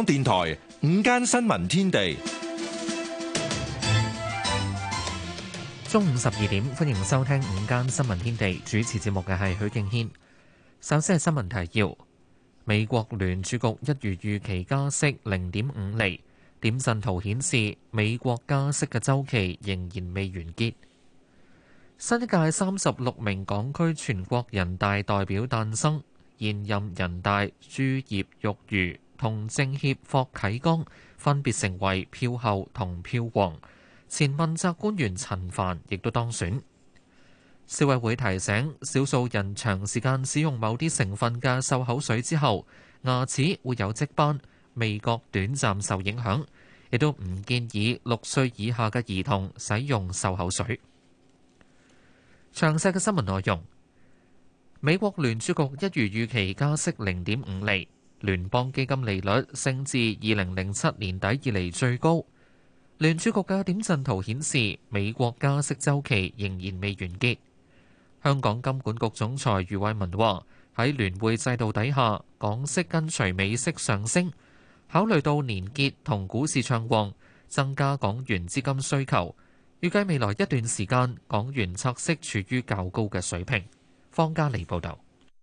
香港電台午間新聞天地，中午十二點，歡迎收聽午間新聞天地，主持節目嘅係許敬軒。首先係新聞提要：美國聯儲局一如預期加息零點五厘，點陣圖顯示美國加息嘅周期仍然未完結。新一屆三十六名港區全國人大代表誕生，現任人大朱葉玉如。同政協霍啟剛分別成為票後同票王，前問責官員陳帆亦都當選。消委會提醒，少數人長時間使用某啲成分嘅漱口水之後，牙齒會有積斑，味覺短暫受影響，亦都唔建議六歲以下嘅兒童使用漱口水。詳細嘅新聞內容，美國聯儲局一如預期加息零點五厘。聯邦基金利率升至二零零七年底以嚟最高。聯儲局嘅點陣圖顯示，美國加息周期仍然未完結。香港金管局總裁余偉文話：喺聯匯制度底下，港息跟隨美息上升。考慮到年結同股市暢旺，增加港元資金需求，預計未來一段時間港元拆息處於較高嘅水平。方嘉利報導。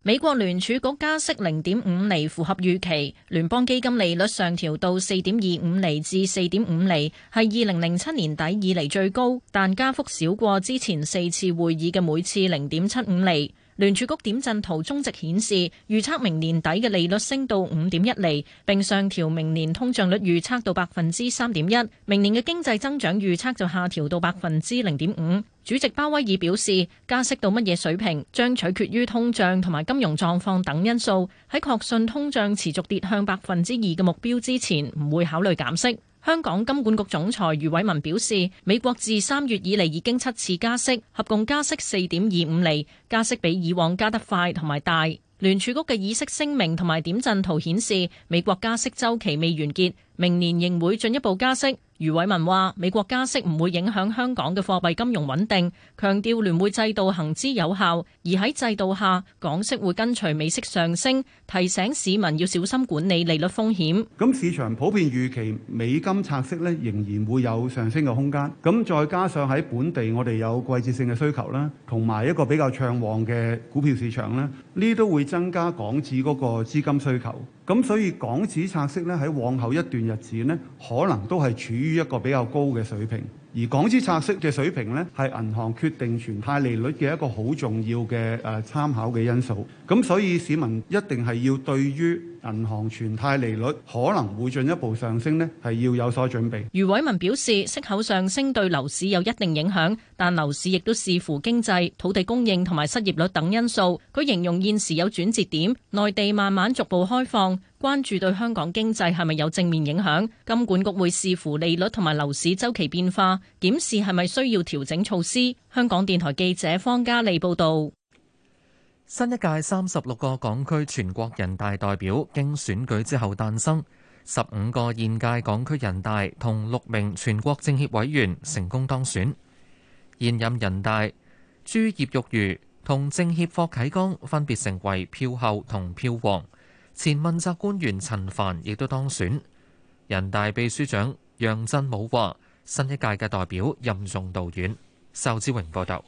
美國聯儲局加息零點五厘符合預期，聯邦基金利率上調到四點二五厘至四點五厘，係二零零七年底以嚟最高，但加幅少過之前四次會議嘅每次零點七五厘。聯儲局點陣圖中值顯示，預測明年底嘅利率升到五點一厘，並上調明年通脹率預測到百分之三點一，明年嘅經濟增長預測就下調到百分之零點五。主席鮑威爾表示，加息到乜嘢水平將取決於通脹同埋金融狀況等因素，喺確信通脹持續跌向百分之二嘅目標之前，唔會考慮減息。香港金管局總裁余偉文表示，美國自三月以嚟已經七次加息，合共加息四點二五厘，加息比以往加得快同埋大。聯儲局嘅議息聲明同埋點陣圖顯示，美國加息周期未完結，明年仍會進一步加息。余偉文話：美國加息唔會影響香港嘅貨幣金融穩定，強調聯會制度行之有效，而喺制度下，港息會跟隨美息上升，提醒市民要小心管理利率風險。咁市場普遍預期美金拆息咧仍然會有上升嘅空間，咁再加上喺本地我哋有季節性嘅需求啦，同埋一個比較暢旺嘅股票市場啦，呢都會增加港紙嗰個資金需求。咁所以港紙拆息咧喺往後一段日子可能都係處於一個比較高嘅水平。而港資拆息嘅水平呢，係銀行決定存貸利率嘅一個好重要嘅誒參考嘅因素。咁所以市民一定係要對於銀行存貸利率可能會進一步上升呢，係要有所準備。余偉文表示，息口上升對樓市有一定影響，但樓市亦都視乎經濟、土地供應同埋失業率等因素。佢形容現時有轉折點，內地慢慢逐步開放。關注對香港經濟係咪有正面影響？金管局會視乎利率同埋樓市周期變化，檢視係咪需要調整措施。香港電台記者方嘉莉報道：新一屆三十六個港區全國人大代表經選舉之後誕生，十五個現屆港區人大同六名全國政協委員成功當選。現任人大朱葉玉如同政協霍啟剛分別成為票後同票王。前問責官員陳帆亦都當選。人大秘書長楊振武話，新一屆嘅代表任重道遠。仇志榮報道。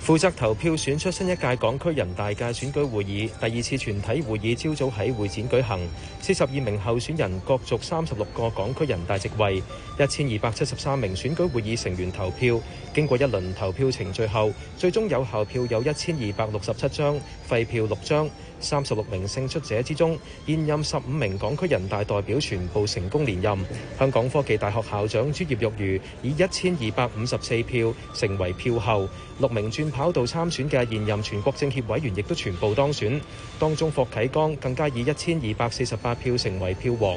負責投票選出新一屆港區人大嘅選舉會議第二次全體會議，朝早喺會展舉行。四十二名候選人角逐三十六個港區人大席位，一千二百七十三名選舉會議成員投票。經過一輪投票程序後，最終有效票有一千二百六十七張，廢票六張。三十六名勝出者之中，現任十五名港區人大代表全部成功連任。香港科技大學校長朱葉玉瑜以一千二百五十四票成為票后，六名轉跑道參選嘅現任全國政協委員亦都全部當選，當中霍啟剛更加以一千二百四十八票成為票王。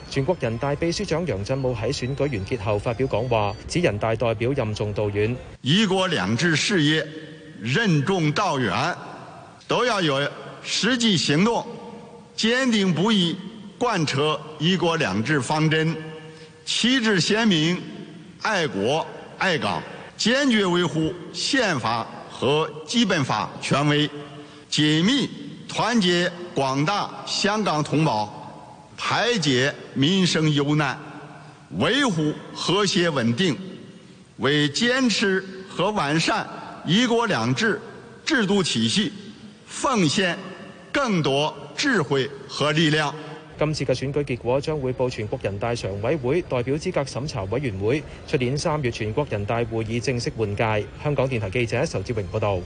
全國人大秘書長楊振武喺選舉完結後發表講話，指人大代表任重道遠，一國兩制事業任重道遠，都要有實際行動，堅定不移貫徹一國兩制方針，旗幟鮮明，愛國愛港，堅決維護憲法和基本法權威，緊密團結廣大香港同胞。排解民生憂難，維護和諧穩定，為堅持和完善一國兩制制度體系，奉獻更多智慧和力量。今次嘅選舉結果將會報全國人大常委會代表資格審查委員會。出年三月，全國人大會議正式換屆。香港電台記者仇志榮報道：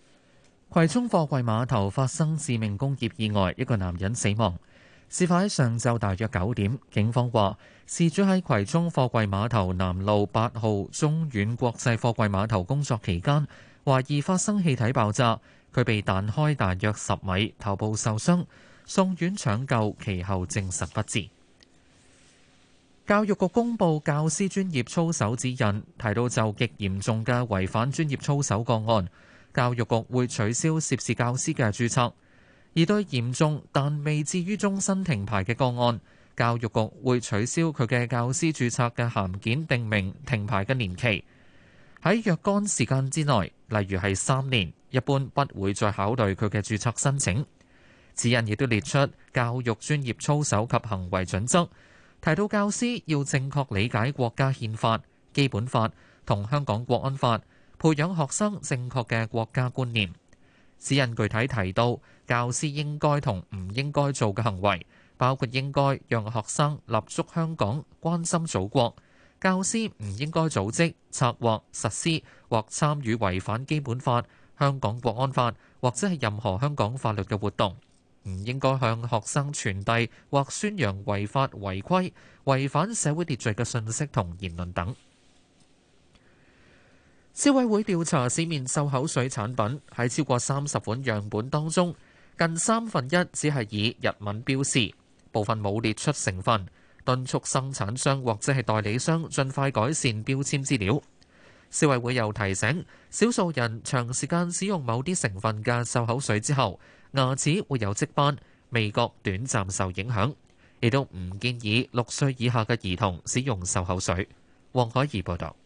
「葵涌貨櫃碼頭發生致命工業意外，一個男人死亡。事發喺上晝大約九點，警方話事主喺葵涌貨櫃碼頭南路八號中遠國際貨櫃碼頭工作期間，懷疑發生氣體爆炸，佢被彈開大約十米，頭部受傷，送院搶救，其後證實不治。教育局公布教師專業操守指引，提到就極嚴重嘅違反專業操守個案，教育局會取消涉事教師嘅註冊。而對嚴重但未至於終身停牌嘅個案，教育局會取消佢嘅教師註冊嘅函件，定名停牌嘅年期。喺若干時間之內，例如係三年，一般不會再考慮佢嘅註冊申請。指引亦都列出教育專業操守及行為準則，提到教師要正確理解國家憲法、基本法同香港國安法，培養學生正確嘅國家觀念。指引具體提到，教師應該同唔應該做嘅行為，包括應該讓學生立足香港、關心祖國；教師唔應該組織、策劃、實施或參與違反基本法、香港國安法或者係任何香港法律嘅活動；唔應該向學生傳遞或宣揚違法違規、違反社會秩序嘅訊息同言論等。消委會，會調查市面漱口水產品，喺超過三十款樣本當中，近三分一只係以日文標示，部分冇列出成分，敦促生產商或者係代理商盡快改善標籤資料。消委會，會又提醒，少數人長時間使用某啲成分嘅漱口水之後，牙齒會有漬斑，味覺短暫受影響，亦都唔建議六歲以下嘅兒童使用漱口水。黃海怡報道。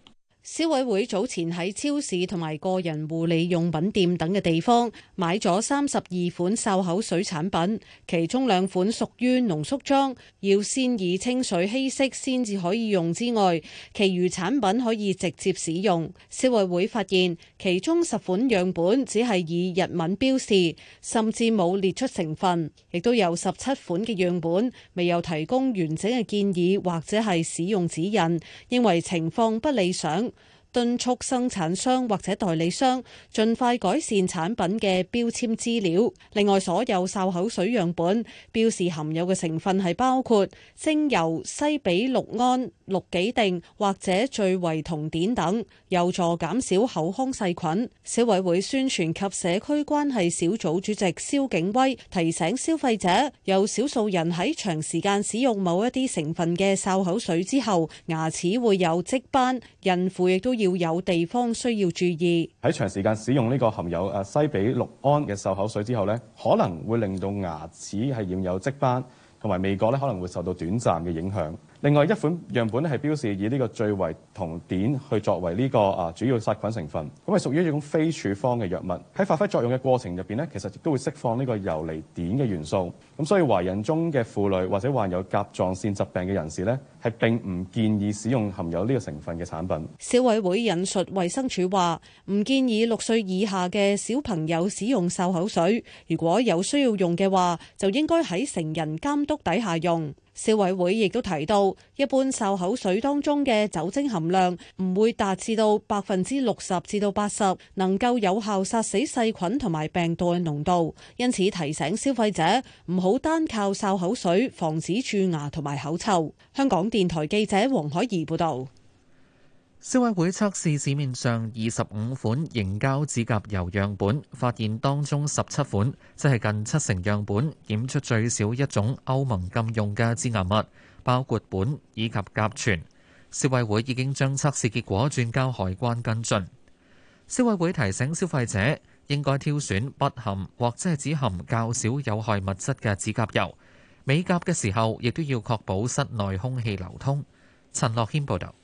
消委會早前喺超市同埋個人護理用品店等嘅地方買咗三十二款漱口水產品，其中兩款屬於濃縮裝，要先以清水稀釋先至可以用之外，其餘產品可以直接使用。消委會發現，其中十款樣本只係以日文標示，甚至冇列出成分，亦都有十七款嘅樣本未有提供完整嘅建議或者係使用指引，認為情況不理想。敦促生產商或者代理商盡快改善產品嘅標籤資料。另外，所有漱口水樣本標示含有嘅成分係包括精油、西比六胺、氯己定、或者聚維酮碘等，有助減少口腔細菌。消委會宣傳及社區關係小組主席蕭景威提醒消費者，有少數人喺長時間使用某一啲成分嘅漱口水之後，牙齒會有漬斑。孕婦亦都要。要有地方需要注意。喺長時間使用呢個含有誒西吡氯銨嘅漱口水之後咧，可能會令到牙齒係染有漬斑，同埋味覺咧，可能會受到短暫嘅影響。另外一款樣本咧，係標示以呢個聚維酮碘去作為呢個啊主要殺菌成分，咁係屬於一種非處方嘅藥物。喺發揮作用嘅過程入邊咧，其實亦都會釋放呢個遊離碘嘅元素。咁所以懷孕中嘅婦女或者患有甲狀腺疾病嘅人士呢，係並唔建議使用含有呢個成分嘅產品。消委會引述衛生署話，唔建議六歲以下嘅小朋友使用漱口水。如果有需要用嘅話，就應該喺成人監督底下用。消委會亦都提到，一般漱口水當中嘅酒精含量唔會達至到百分之六十至到八十，能夠有效殺死細菌同埋病毒嘅濃度。因此提醒消費者唔好。唔好單靠漱口水防止蛀牙同埋口臭。香港電台記者黃海怡報道，消委會測試市面上二十五款凝膠指甲油樣本，發現當中十七款，即係近七成樣本檢出最少一種歐盟禁用嘅致癌物，包括苯以及甲醛。消委會已經將測試結果轉交海關跟進。消委會提醒消費者。應該挑選不含或者係只含較少有害物質嘅指甲油。美甲嘅時候，亦都要確保室內空氣流通。陳樂軒報導。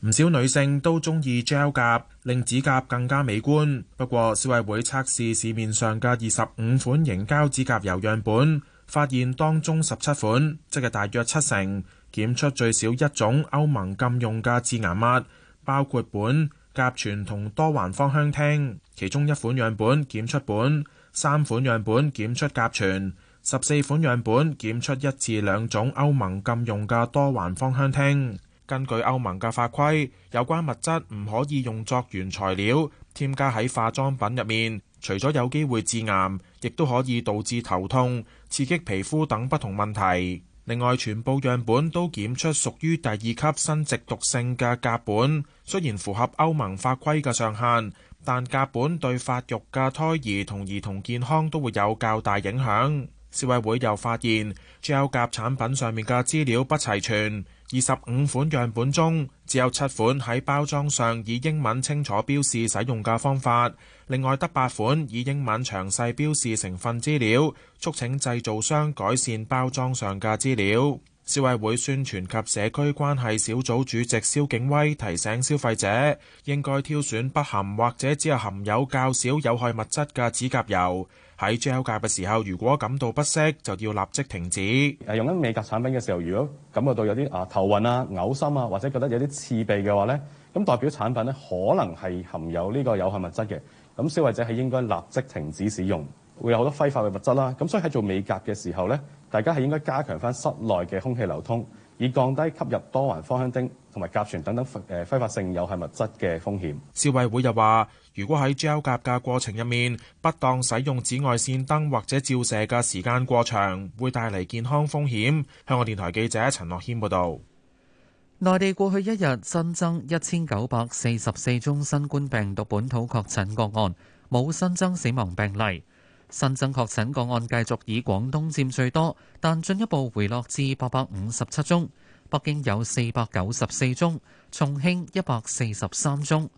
唔少女性都鍾意 gel 甲，令指甲更加美觀。不過，消委會測試市面上嘅二十五款凝膠指甲油樣本，發現當中十七款，即係大約七成，檢出最少一種歐盟禁用嘅致癌物，包括苯。甲醛同多環芳香烴，其中一款樣本檢出苯，三款樣本檢出甲醛，十四款樣本檢出一至兩種歐盟禁用嘅多環芳香烴。根據歐盟嘅法規，有關物質唔可以用作原材料添加喺化妝品入面，除咗有機會致癌，亦都可以導致頭痛、刺激皮膚等不同問題。另外，全部樣本都檢出屬於第二級生殖毒性嘅甲苯，雖然符合歐盟法規嘅上限，但甲苯對發育嘅胎兒同兒童健康都會有較大影響。消委會又發現，只有甲產品上面嘅資料不齊全，二十五款樣本中只有七款喺包裝上以英文清楚標示使用嘅方法。另外，得八款以英文詳細標示成分資料，促請製造商改善包裝上嘅資料。消委會宣傳及社區關係小組主席蕭景威提醒消費者，應該挑選不含或者只係含有較少有害物質嘅指甲油。喺指甲嘅時候，如果感到不適，就要立即停止。用緊美甲產品嘅時候，如果感覺到有啲啊頭暈啊、嘔心啊，或者覺得有啲刺鼻嘅話呢。咁代表產品咧，可能係含有呢個有害物質嘅，咁消費者係應該立即停止使用，會有好多揮發嘅物質啦。咁所以喺做美甲嘅時候呢，大家係應該加強翻室內嘅空氣流通，以降低吸入多環芳香烴同埋甲醛等等誒揮發性有害物質嘅風險。消委會又話，如果喺膠甲嘅過程入面不當使用紫外線燈或者照射嘅時間過長，會帶嚟健康風險。香港電台記者陳樂軒報導。內地過去一日新增一千九百四十四宗新冠病毒本土確診個案，冇新增死亡病例。新增確診個案繼續以廣東佔最多，但進一步回落至八百五十七宗。北京有四百九十四宗，重慶一百四十三宗。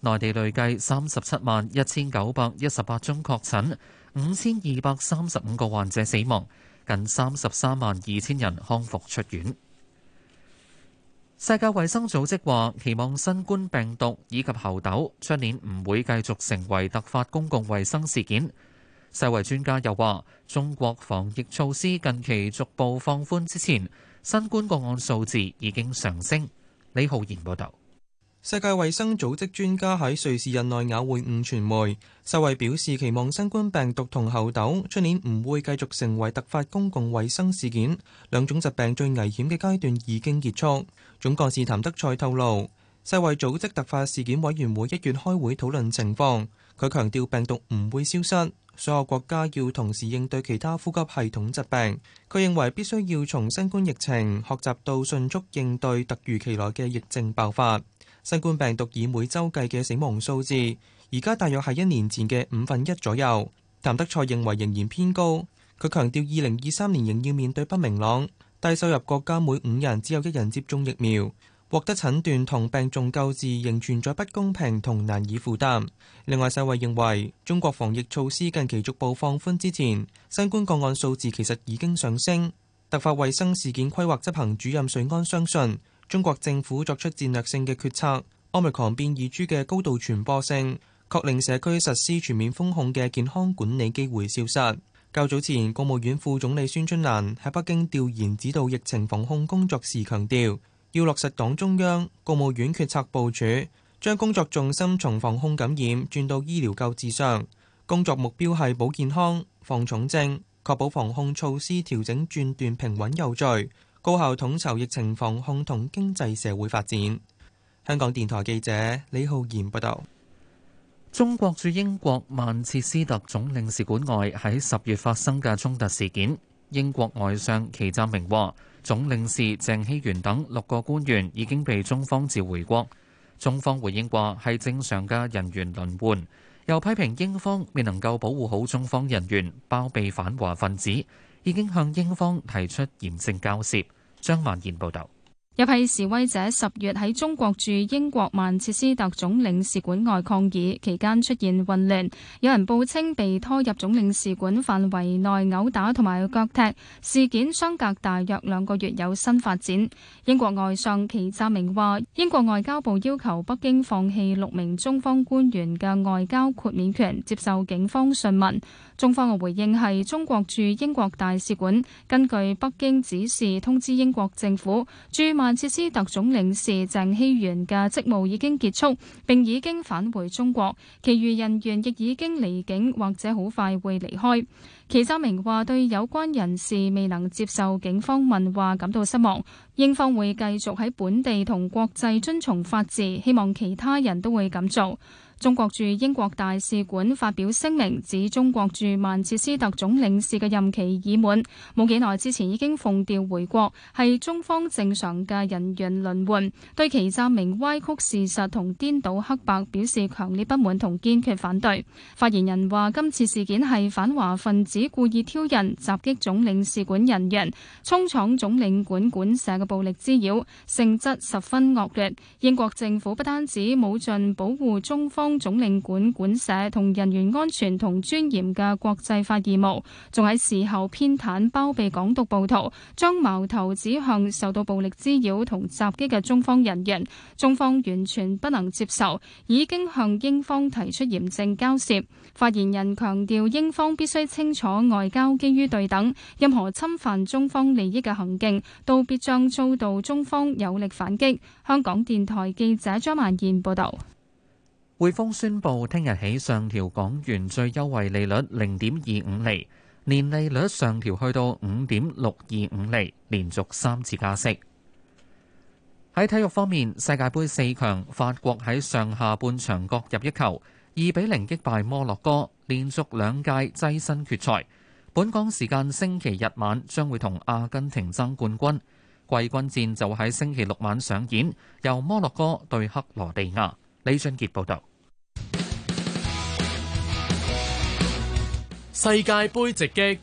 內地累計三十七萬一千九百一十八宗確診，五千二百三十五個患者死亡，近三十三萬二千人康復出院。世界衛生組織話，期望新冠病毒以及猴痘出年唔會繼續成為突發公共衛生事件。世衞專家又話，中國防疫措施近期逐步放寬之前，新冠個案數字已經上升。李浩然報導。世界衛生組織專家喺瑞士日內瓦會晤傳媒，世衛表示期望新冠病毒同猴痘出年唔會繼續成為突發公共衛生事件。兩種疾病最危險嘅階段已經結束。總幹事譚德塞透露，世衛組織突發事件委員會一月開會討論情況，佢強調病毒唔會消失，所有國家要同時應對其他呼吸系統疾病。佢認為必須要從新冠疫情學習到迅速應對突如其來嘅疫症爆發。新冠病毒以每周計嘅死亡數字，而家大約係一年前嘅五分一左右。譚德塞認為仍然偏高，佢強調二零二三年仍要面對不明朗。低收入國家每五人只有一人接種疫苗，獲得診斷同病重救治仍存在不公平同難以負擔，另外，世衛認為中國防疫措施近期逐步放寬之前，新冠個案數字其實已經上升。突發衛生事件規劃執行主任瑞安相信。中國政府作出戰略性嘅決策，奧密克戎變異株嘅高度傳播性確令社區實施全面封控嘅健康管理機會消失。較早前，國務院副總理孫春蘭喺北京調研指導疫情防控工作時強調，要落實黨中央、國務院決策部署，將工作重心從防控感染轉到醫療救治上。工作目標係保健康、防重症，確保防控措施調整轉段平穩有序。高效統籌疫情防控同經濟社會發展。香港電台記者李浩然報道：中國駐英國曼徹斯特總領事館外喺十月發生嘅衝突事件，英國外相祁贊明話總領事鄭希元等六個官員已經被中方召回國，中方回應話係正常嘅人員輪換，又批評英方未能夠保護好中方人員，包庇反華分子，已經向英方提出嚴正交涉。張萬賢報道。一批示威者十月喺中國駐英國曼徹斯特總領事館外抗議，期間出現混亂，有人報稱被拖入總領事館範圍內毆打同埋腳踢。事件相隔大約兩個月有新發展。英國外相祈湛明話：英國外交部要求北京放棄六名中方官員嘅外交豁免權，接受警方詢問。中方嘅回應係：中國駐英國大使館根據北京指示通知英國政府，駐曼曼徹斯特總領事鄭曦原嘅職務已經結束，並已經返回中國，其餘人員亦已經離境或者好快會離開。祁湛明話：對有關人士未能接受警方問話感到失望，英方會繼續喺本地同國際遵從法治，希望其他人都會咁做。中國駐英國大使館發表聲明，指中國駐曼徹斯特總領事嘅任期已滿，冇幾耐之前已經奉調回國，係中方正常嘅人員輪換。對其站名歪曲事實同顛倒黑白，表示強烈不滿同堅決反對。發言人話：今次事件係反華分子故意挑釁襲擊總領事館人員，衝闖總領館館館舍嘅暴力滋擾，性質十分惡劣。英國政府不單止冇盡保護中方。總領館管社同人員安全同尊嚴嘅國際法義務，仲喺事後偏袒包庇港獨暴徒，將矛頭指向受到暴力滋擾同襲擊嘅中方人員，中方完全不能接受，已經向英方提出嚴正交涉。發言人強調，英方必須清楚外交基於對等，任何侵犯中方利益嘅行徑都必將遭到中方有力反擊。香港電台記者張曼燕報道。匯豐宣布，聽日起上調港元最優惠利率零點二五厘，年利率上調去到五點六二五厘，連續三次加息。喺體育方面，世界杯四強法國喺上下半場各入一球，二比零擊敗摩洛哥，連續兩屆躋身決賽。本港時間星期日晚將會同阿根廷爭冠軍，季軍戰就喺星期六晚上演，由摩洛哥對克羅地亞。李俊傑報道：世界杯直擊，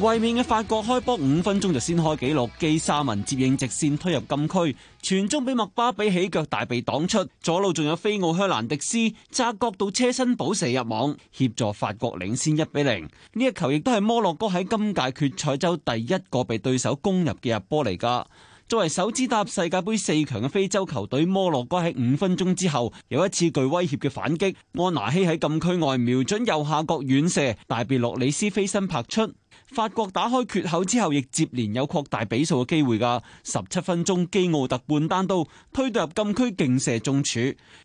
衛冕嘅法國開波五分鐘就先開紀錄，基沙文接應直線推入禁區，傳中俾麥巴比起腳大被擋出，左路仲有菲奧靴蘭迪斯揸角度車身補射入網，協助法國領先一比零。呢一球亦都係摩洛哥喺今屆決賽周第一個被對手攻入嘅入波嚟噶。作為首支踏入世界杯四強嘅非洲球隊摩洛哥，喺五分鐘之後有一次具威脅嘅反擊，安拿希喺禁區外瞄準右下角遠射，大別洛里斯飛身拍出。法國打開缺口之後，亦接連有擴大比數嘅機會噶。十七分鐘基奧特半單刀推到入禁區勁射中柱，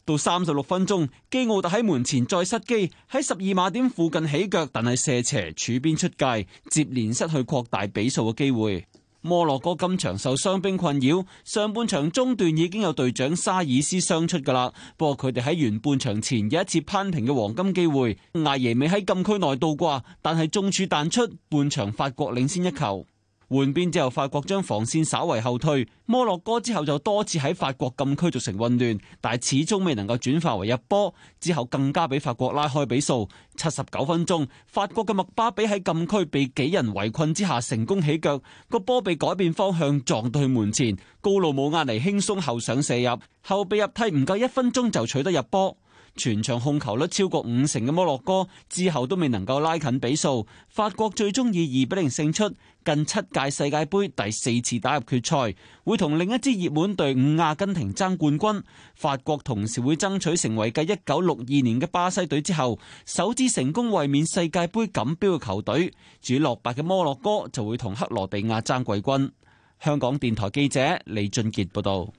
到三十六分鐘基奧特喺門前再失機，喺十二碼點附近起腳，但係射斜柱邊出界，接連失去擴大比數嘅機會。摩洛哥今場受傷兵困擾，上半場中段已經有隊長沙爾斯傷出㗎喇。不過佢哋喺完半場前有一次扳平嘅黃金機會，艾耶未喺禁區內倒掛，但係中柱彈出，半場法國領先一球。換邊之後，法國將防線稍為後退。摩洛哥之後就多次喺法國禁區造成混亂，但係始終未能夠轉化為入波。之後更加俾法國拉開比數。七十九分鐘，法國嘅麥巴比喺禁區被幾人圍困之下成功起腳，個波被改變方向撞到去門前，高路姆亞尼輕鬆後上射入，後備入替唔夠一分鐘就取得入波。全場控球率超過五成嘅摩洛哥之後都未能夠拉近比數，法國最終以二比零勝出，近七屆世界盃第四次打入決賽，會同另一支熱門隊伍阿根廷爭冠軍。法國同時會爭取成為繼一九六二年嘅巴西隊之後，首支成功衛冕世界盃錦標嘅球隊。主落敗嘅摩洛哥就會同克羅地亞爭季軍。香港電台記者李俊傑報道。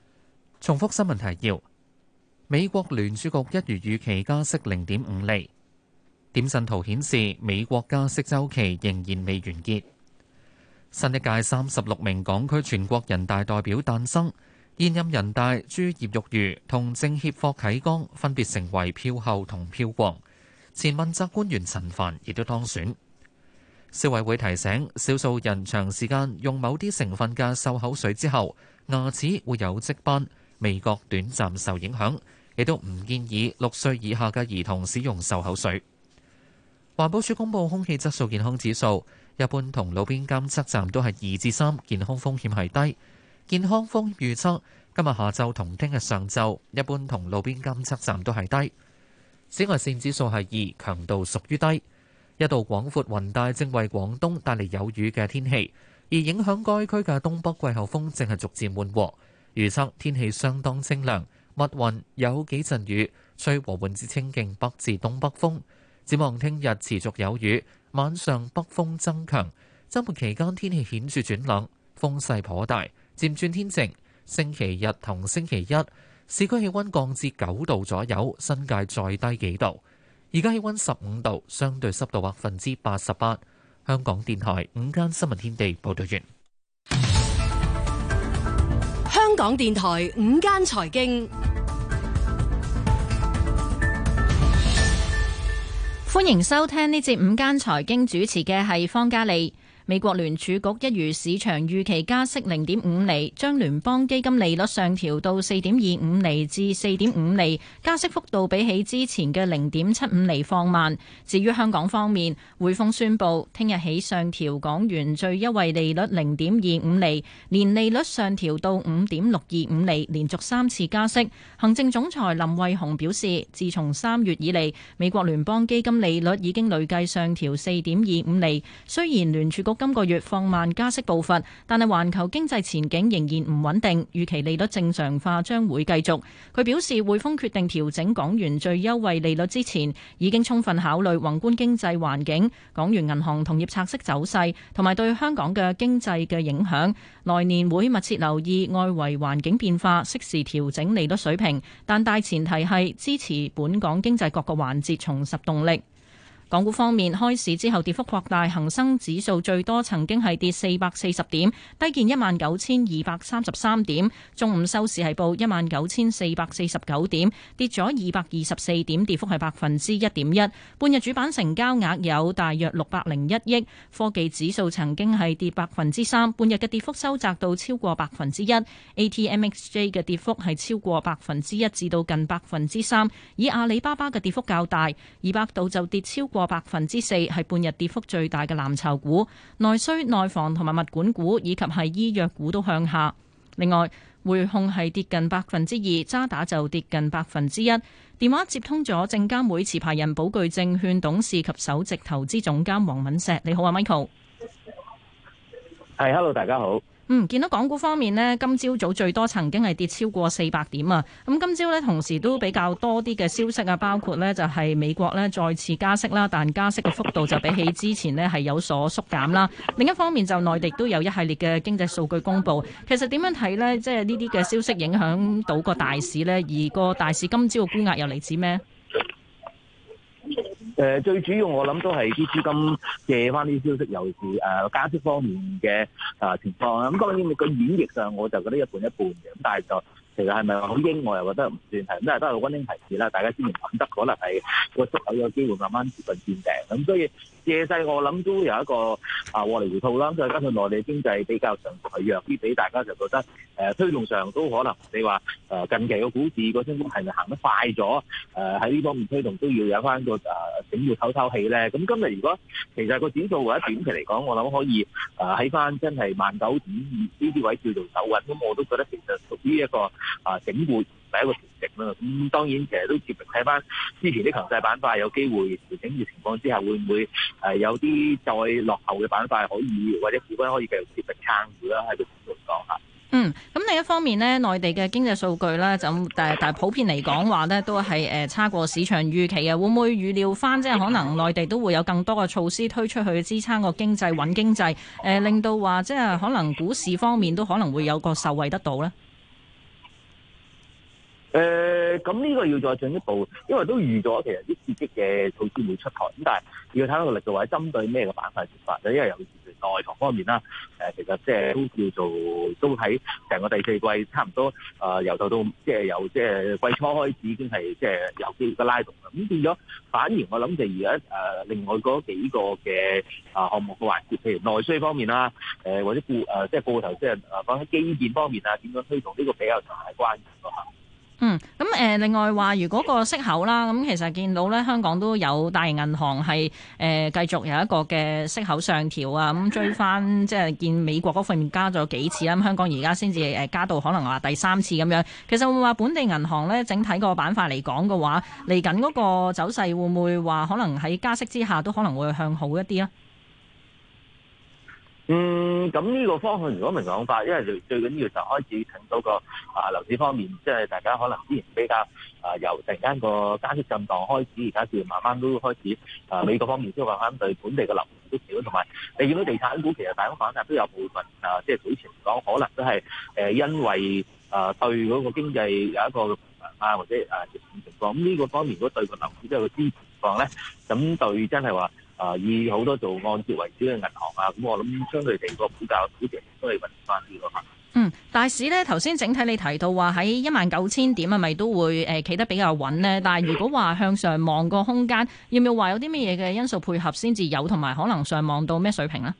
重複新聞提要。美國聯儲局一如預期加息零點五厘。點陣圖顯示，美國加息週期仍然未完結。新一屆三十六名港區全國人大代表誕生，現任人大朱葉玉如同政協霍啟剛分別成為票后同票王。前問責官員陳凡亦都當選。消委會提醒，少數人長時間用某啲成分嘅漱口水之後，牙齒會有積斑，味覺短暫受影響。亦都唔建議六歲以下嘅兒童使用漱口水。環保署公布空氣質素健康指數，一般同路邊監測站都係二至三，健康風險係低。健康風險預測今日下晝同聽日上晝，一般同路邊監測站都係低。紫外線指數係二，強度屬於低。一道廣闊雲帶正為廣東帶嚟有雨嘅天氣，而影響該區嘅東北季候風正係逐漸緩和，預測天氣相當清涼。密雲有幾陣雨，吹和緩至清勁北至東北風。展望聽日持續有雨，晚上北風增強。周末期間天氣顯著轉冷，風勢頗大，漸轉天晴。星期日同星期一，市區氣温降至九度左右，新界再低幾度。而家氣温十五度，相對濕度百分之八十八。香港電台午間新聞天地報道完。香港電台午間財經，歡迎收聽呢節午間財經主持嘅係方嘉莉。美國聯儲局一如市場預期加息零點五厘，將聯邦基金利率上調到四點二五厘至四點五厘，加息幅度比起之前嘅零點七五厘放慢。至於香港方面，滙豐宣布聽日起上調港元最優惠利率零點二五厘，年利率上調到五點六二五厘，連續三次加息。行政總裁林慧紅表示，自從三月以嚟，美國聯邦基金利率已經累計上調四點二五厘，雖然聯儲局。今個月放慢加息步伐，但係環球經濟前景仍然唔穩定，預期利率正常化將會繼續。佢表示匯豐決定調整港元最優惠利率之前，已經充分考慮宏觀經濟環境、港元銀行同業拆息走勢，同埋對香港嘅經濟嘅影響。來年會密切留意外圍環境變化，適時調整利率水平。但大前提係支持本港經濟各個環節重拾動力。港股方面，開市之後跌幅擴大，恒生指數最多曾經係跌四百四十點，低見一萬九千二百三十三點。中午收市係報一萬九千四百四十九點，跌咗二百二十四點，跌幅係百分之一點一。半日主板成交額有大約六百零一億。科技指數曾經係跌百分之三，半日嘅跌幅收窄到超過百分之一。ATMXJ 嘅跌幅係超過百分之一至到近百分之三，以阿里巴巴嘅跌幅較大，二百度就跌超過。百分之四係半日跌幅最大嘅藍籌股，內需、內房同埋物管股以及係醫藥股都向下。另外，匯控係跌近百分之二，渣打就跌近百分之一。電話接通咗證監會持牌人保具證券董事及首席投資總監黃敏石，你好啊，Michael。係，hey，Hello，大家好。嗯，見到港股方面咧，今朝早最多曾經係跌超過四百點啊。咁今朝呢，同時都比較多啲嘅消息啊，包括呢就係美國呢再次加息啦，但加息嘅幅度就比起之前呢係有所縮減啦。另一方面就內地都有一系列嘅經濟數據公布。其實點樣睇呢？即係呢啲嘅消息影響到個大市呢？而個大市今朝嘅沽壓又嚟自咩？誒、呃、最主要我諗都係啲資金借翻啲消息，尤其是誒、呃、加息方面嘅啊、呃、情況啦。咁當然你、這個演繹上，我就覺得一半一半嘅，咁但係就。其實係咪好英？我又覺得唔算係，都係得溫馨提示啦。大家先至搵得可能係個出口有個機會慢慢接近轉定咁。所以借勢我諗都有一個啊獲利回吐啦，再加上內地經濟比較上係弱啲，俾大家就覺得誒推動上都可能你話誒近期個股市個升幅係咪行得快咗？誒喺呢方面推動都要有翻個誒整要唞唞氣咧。咁今日如果其實個指數或者短期嚟講，我諗可以誒喺翻真係萬九點二呢啲位叫做走穩，咁我都覺得其實屬於一個。啊，整固第一個調整啦。咁當然，其實都接平睇翻之前啲強勢板塊有機會調整嘅情況之下，會唔會係有啲再落後嘅板塊可以或者市區可以繼續接力撐住啦？喺度同佢講下。嗯，咁另一方面咧，內地嘅經濟數據咧，就但但普遍嚟講話呢，都係誒差過市場預期嘅。會唔會預料翻即係可能內地都會有更多嘅措施推出去支撐個經濟、穩經濟？誒、呃，令到話即係可能股市方面都可能會有個受惠得到咧。誒，咁呢個要再進一步，因為都預咗其實啲刺激嘅措施會出台，咁但係要睇下個力度或者針對咩嘅板塊做法。因為由內房方面啦，誒，其實即係都叫做都喺成個第四季差唔多啊，由頭到即係由即係季初開始已經係即係有機會嘅拉動啦。咁變咗，反而我諗就而家誒，另外嗰幾個嘅啊項目嘅環節，譬如內需方面啦，誒或者固誒即係固投即係講喺基建方面啊，點樣推動呢個比較大關係咯嚇。嗯，咁誒另外話，如果個息口啦，咁其實見到咧，香港都有大型銀行係誒、呃、繼續有一個嘅息口上調啊，咁、嗯、追翻即係見美國嗰份加咗幾次啦，咁香港而家先至誒加到可能話第三次咁樣。其實會唔會話本地銀行咧，整體個板塊嚟講嘅話，嚟緊嗰個走勢會唔會話可能喺加息之下都可能會向好一啲呢？嗯，咁呢個方向如果明講法，因為最最緊要就開始睇到個啊樓市方面，即係大家可能之前比較啊由突然間個加息震盪開始，而家就慢慢都開始啊美國方面都話翻對本地嘅樓市都少，同埋你見到地產股其實大方向入都有部分啊，即係短期嚟講可能都係誒因為啊對嗰個經濟有一個平衡啊或者啊跌市情況，咁呢個方面如果對個樓市都有個支持情況咧，咁對真係話。啊！以好多做按揭為主嘅銀行啊，咁我諗相對地個股價股值都係穩定翻啲咯。嗯，大市咧，頭先整體你提到話喺一萬九千點，係咪都會誒企、呃、得比較穩咧。但係如果話向上望個空間，要唔要話有啲咩嘢嘅因素配合先至有，同埋可能上望到咩水平咧？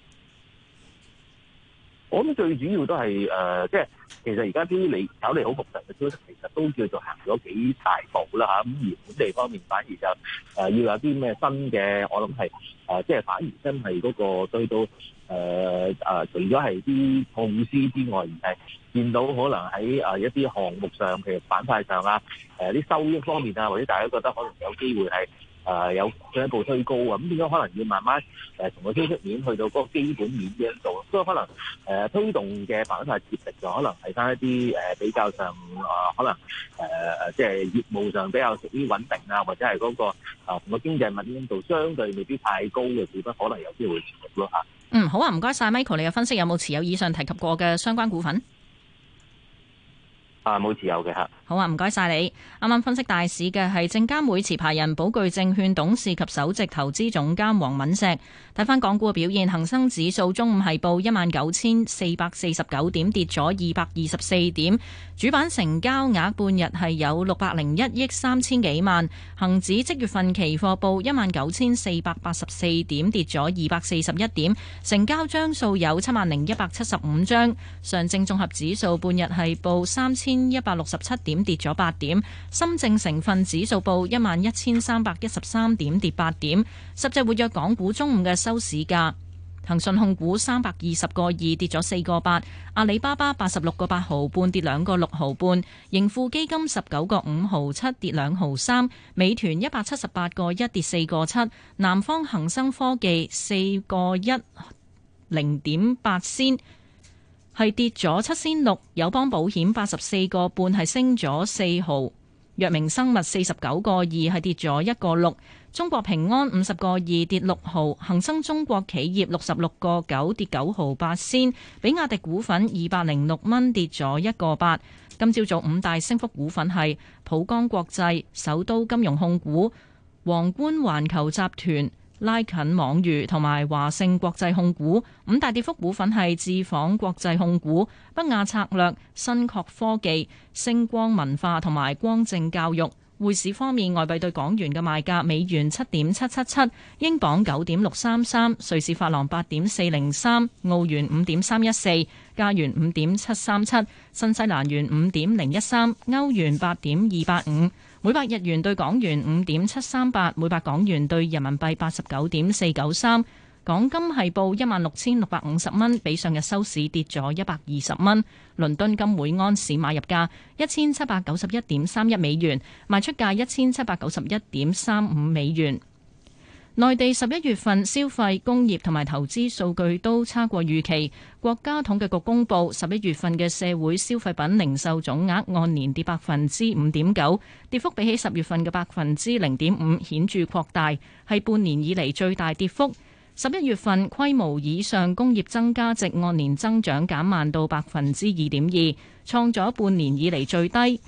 我諗最主要都係誒，即係其實而家啲你炒利好股嘅消息，其實都叫做行咗幾大步啦嚇。咁而本地方面反而就誒要有啲咩新嘅，我諗係誒，即係反而真係嗰個對到誒誒，除咗係啲措施之外，而係見到可能喺誒一啲項目上，譬如板塊上啊，誒啲收益方面啊，或者大家覺得可能有機會係。誒有進一步推高啊！咁點解可能要慢慢誒從個消息面去到嗰個基本面嘅一度？所以可能誒推動嘅板塊接力就可能係翻一啲誒比較上啊，可能誒即係業務上比較屬於穩定啊，或者係嗰個啊個經濟敏感度相對未必太高嘅，至不可能有機會持續咯嚇。嗯，好啊，唔該晒，Michael，你嘅分析有冇持有以上提及過嘅相關股份？啊，冇持有嘅吓。好啊，唔該晒你。啱啱分析大市嘅係證監會持牌人寶鉅證券董事及首席，及首席投資總監黃敏碩。睇翻港股嘅表現，恒生指數中午係報一萬九千四百四十九點，跌咗二百二十四點。主板成交額，額半日係有六百零一億三千幾萬。恒指即月份期貨報一萬九千四百八十四點，跌咗二百四十一點。成交張數有七萬零一百七十五張。上證綜合指數半日係報三千。千一百六十七點跌咗八點，深證成分指數報一萬一千三百一十三點跌八點，十隻活躍港股中午嘅收市價，騰訊控股三百二十個二跌咗四個八，阿里巴巴八十六個八毫半跌兩個六毫半，盈富基金十九個五毫七跌兩毫三，美團一百七十八個一跌四個七，南方恒生科技四個一零點八仙。係跌咗七仙六，友邦保險八十四個半係升咗四毫，藥明生物四十九個二係跌咗一個六，中國平安五十個二跌六毫，恒生中國企業六十六個九跌九毫八仙，比亞迪股份二百零六蚊跌咗一個八。今朝早五大升幅股份係浦江國際、首都金融控股、皇冠環球集團。拉近網娛同埋華盛國際控股，五大跌幅股份係智仿國際控股、北亞策略、新確科技、星光文化同埋光正教育。匯市方面，外幣對港元嘅賣價：美元七點七七七，英鎊九點六三三，瑞士法郎八點四零三，澳元五點三一四，加元五點七三七，新西蘭元五點零一三，歐元八點二八五。每百日元對港元五點七三八，每百港元對人民幣八十九點四九三。港金係報一萬六千六百五十蚊，比上日收市跌咗一百二十蚊。倫敦金每安士買入價一千七百九十一點三一美元，賣出價一千七百九十一點三五美元。內地十一月份消費、工業同埋投資數據都差過預期。國家統計局公布十一月份嘅社會消費品零售總額按年跌百分之五點九，跌幅比起十月份嘅百分之零點五顯著擴大，係半年以嚟最大跌幅。十一月份規模以上工業增加值按年增長減慢到百分之二點二，創咗半年以嚟最低。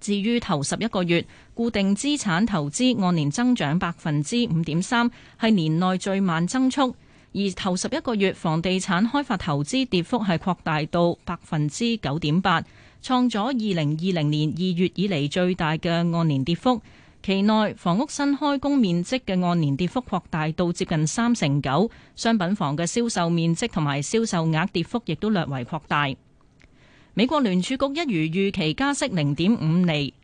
至於頭十一個月，固定資產投資按年增長百分之五點三，係年內最慢增速。而頭十一個月房地產開發投資跌幅係擴大到百分之九點八，創咗二零二零年二月以嚟最大嘅按年跌幅。期內房屋新開工面積嘅按年跌幅擴大到接近三成九，商品房嘅銷售面積同埋銷售額跌幅亦都略為擴大。美國聯儲局一如預期加息零點五厘。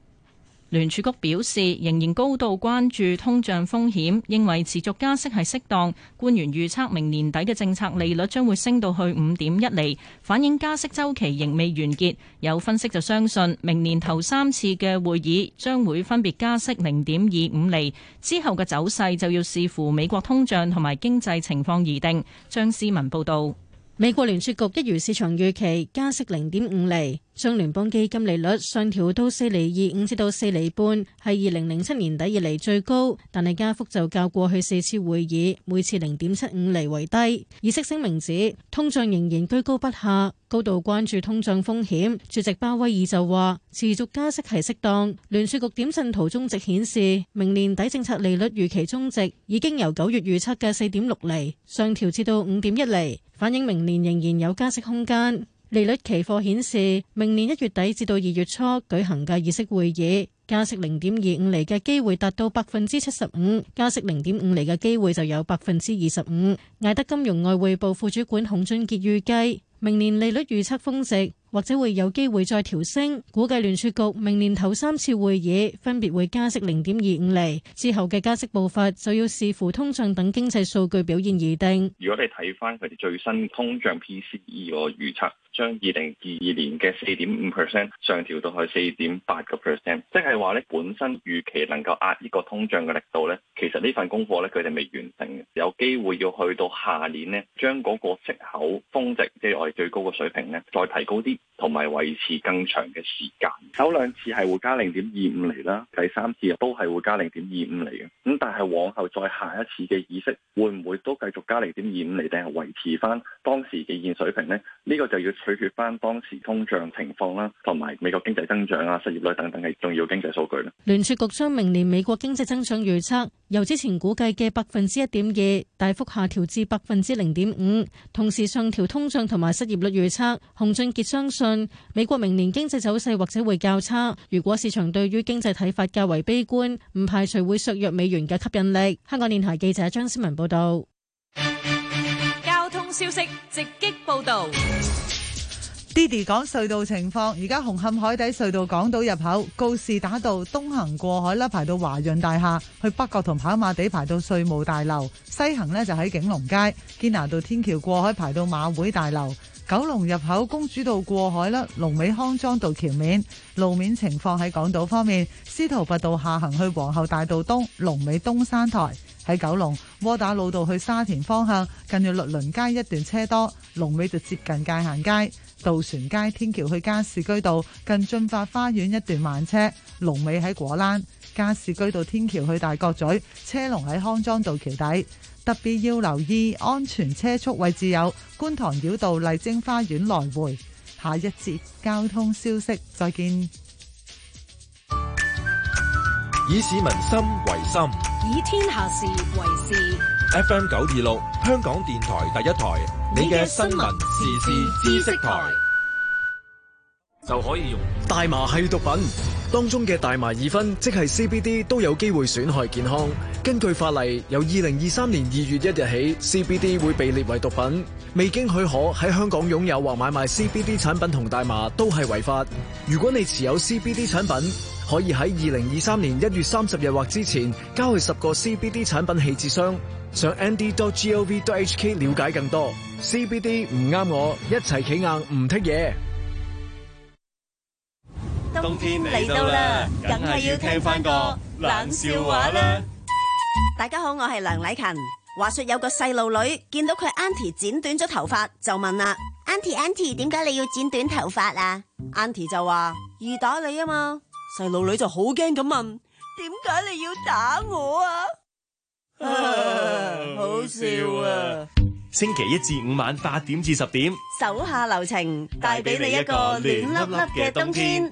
聯儲局表示，仍然高度關注通脹風險，認為持續加息係適當。官員預測明年底嘅政策利率將會升到去五點一厘，反映加息週期仍未完結。有分析就相信，明年頭三次嘅會議將會分別加息零點二五厘，之後嘅走勢就要視乎美國通脹同埋經濟情況而定。張思文報道。美國聯儲局一如市場預期加息零點五厘，將聯邦基金利率上調到四厘二五至到四厘半，係二零零七年底以嚟最高。但係加幅就較過去四次會議每次零點七五厘為低。議息聲明指通脹仍然居高不下，高度關注通脹風險。主席鮑威爾就話持續加息係適當。聯儲局點陣圖中值顯示明年底政策利率預期中值已經由九月預測嘅四點六厘上調至到五點一厘。反映明年仍然有加息空間利率期貨顯示明年一月底至到二月初舉行嘅議息會議加息零點二五厘嘅機會達到百分之七十五，加息零點五厘嘅機會就有百分之二十五。艾德金融外匯部副主管孔俊杰預計。明年利率預測峰值或者會有機會再調升，估計聯儲局明年頭三次會議分別會加息0.25厘，之後嘅加息步伐就要視乎通脹等經濟數據表現而定。如果你睇翻佢哋最新通脹 PCE 個預測。將二零二二年嘅四點五 percent 上調到去四點八個 percent，即係話咧本身預期能夠壓呢個通脹嘅力度咧，其實呢份功課咧佢哋未完成，有機會要去到下年咧將嗰個息口峰值，即係我哋最高嘅水平咧再提高啲，同埋維持更長嘅時間。首兩次係會加零點二五厘啦，第三次都係會加零點二五厘嘅，咁但係往後再下一次嘅議息會唔會都繼續加零點二五厘定係維持翻當時嘅現水平咧？呢個就要～取決翻當時通脹情況啦，同埋美國經濟增長啊、失業率等等嘅重要經濟數據咧。聯儲局將明年美國經濟增長預測由之前估計嘅百分之一點二大幅下調至百分之零點五，同時上調通脹同埋失業率預測。洪俊傑相信美國明年經濟走勢或者會較差。如果市場對於經濟睇法較為悲觀，唔排除會削弱美元嘅吸引力。香港電台記者張思文報道。交通消息直擊報道。d i d 講隧道情況，而家紅磡海底隧道港島入口告士打道東行過海啦，排到華潤大廈；去北角同跑馬地排到稅務大樓，西行呢就喺景隆街堅拿道天橋過海，排到馬會大樓。九龍入口公主道過海啦，龍尾康莊道橋面，路面情況喺港島方面，司徒拔道下行去皇后大道東，龍尾東山台。喺九龍窩打老道去沙田方向，近住律倫街一段車多，龍尾就接近界限街、渡船街天橋去加士居道，近駿發花園一段慢車，龍尾喺果欄。加士居道天橋去大角咀，車龍喺康莊道橋底。特別要留意安全車速位置，有觀塘繞道麗晶花園來回。下一節交通消息，再見。以市民心為心。以天下事為事。FM 九二六，香港電台第一台，你嘅新聞時事知識台就可以用。大麻係毒品，當中嘅大麻二酚，即係 CBD 都有機會損害健康。根據法例，由二零二三年二月一日起，CBD 會被列為毒品。未經許可喺香港擁有或買賣 CBD 產品同大麻都係違法。如果你持有 CBD 產品，可以喺二零二三年一月三十日或之前交去十個 CBD 產品棄置箱，上 nd.gov.hk 了解更多 CBD 唔啱我一齊企硬唔剔嘢。冬天嚟到啦，梗係要聽翻個冷笑話啦。話大家好，我係梁禮勤。話說有個細路女見到佢 auntie 剪短咗頭髮，就問啦：auntie auntie 點解你要剪短頭髮啊？auntie 就話：二打你啊嘛。細路女就好驚咁問：點解你要打我啊？啊好笑啊！星期一至五晚八點至十點，手下留情，帶俾你一個暖粒粒嘅冬天。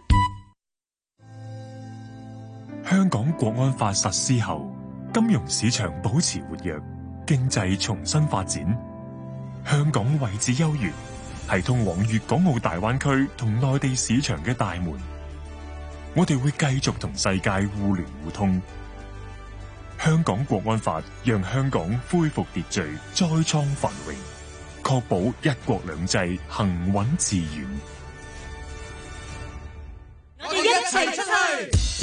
香港國安法實施後，金融市場保持活躍，經濟重新發展。香港位置優越，係通往粵港澳大灣區同內地市場嘅大門。我哋會繼續同世界互聯互通。香港國安法讓香港恢復秩序，再創繁榮，確保一國兩制行穩致遠。我哋一齊出去。